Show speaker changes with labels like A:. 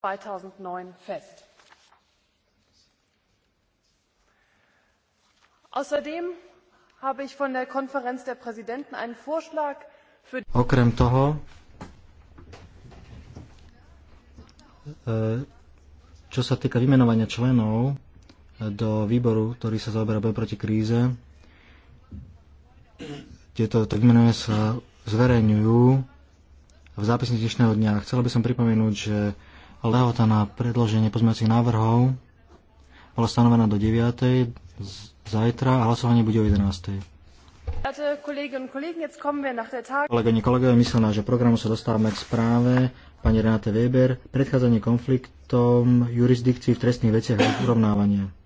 A: zweitausendneun fest. Außerdem habe ich von der Konferenz der Präsidenten einen Vorschlag
B: für Okrem
C: toho e, čo sa týka vymenovania členov e, do výboru, ktorý sa zaoberá boj proti kríze, tieto tak vymenovania sa zverejňujú v zápisnici dnešného dňa. Chcel by som pripomenúť, že Lehota na predloženie pozmeňujúcich návrhov bola stanovená do 9. zajtra a hlasovanie bude o 11. Kolegyne, kolegové, myslím, že programu sa dostávame k správe pani Renate Weber, predchádzanie konfliktom jurisdikcií v trestných veciach a urovnávania.